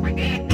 with it.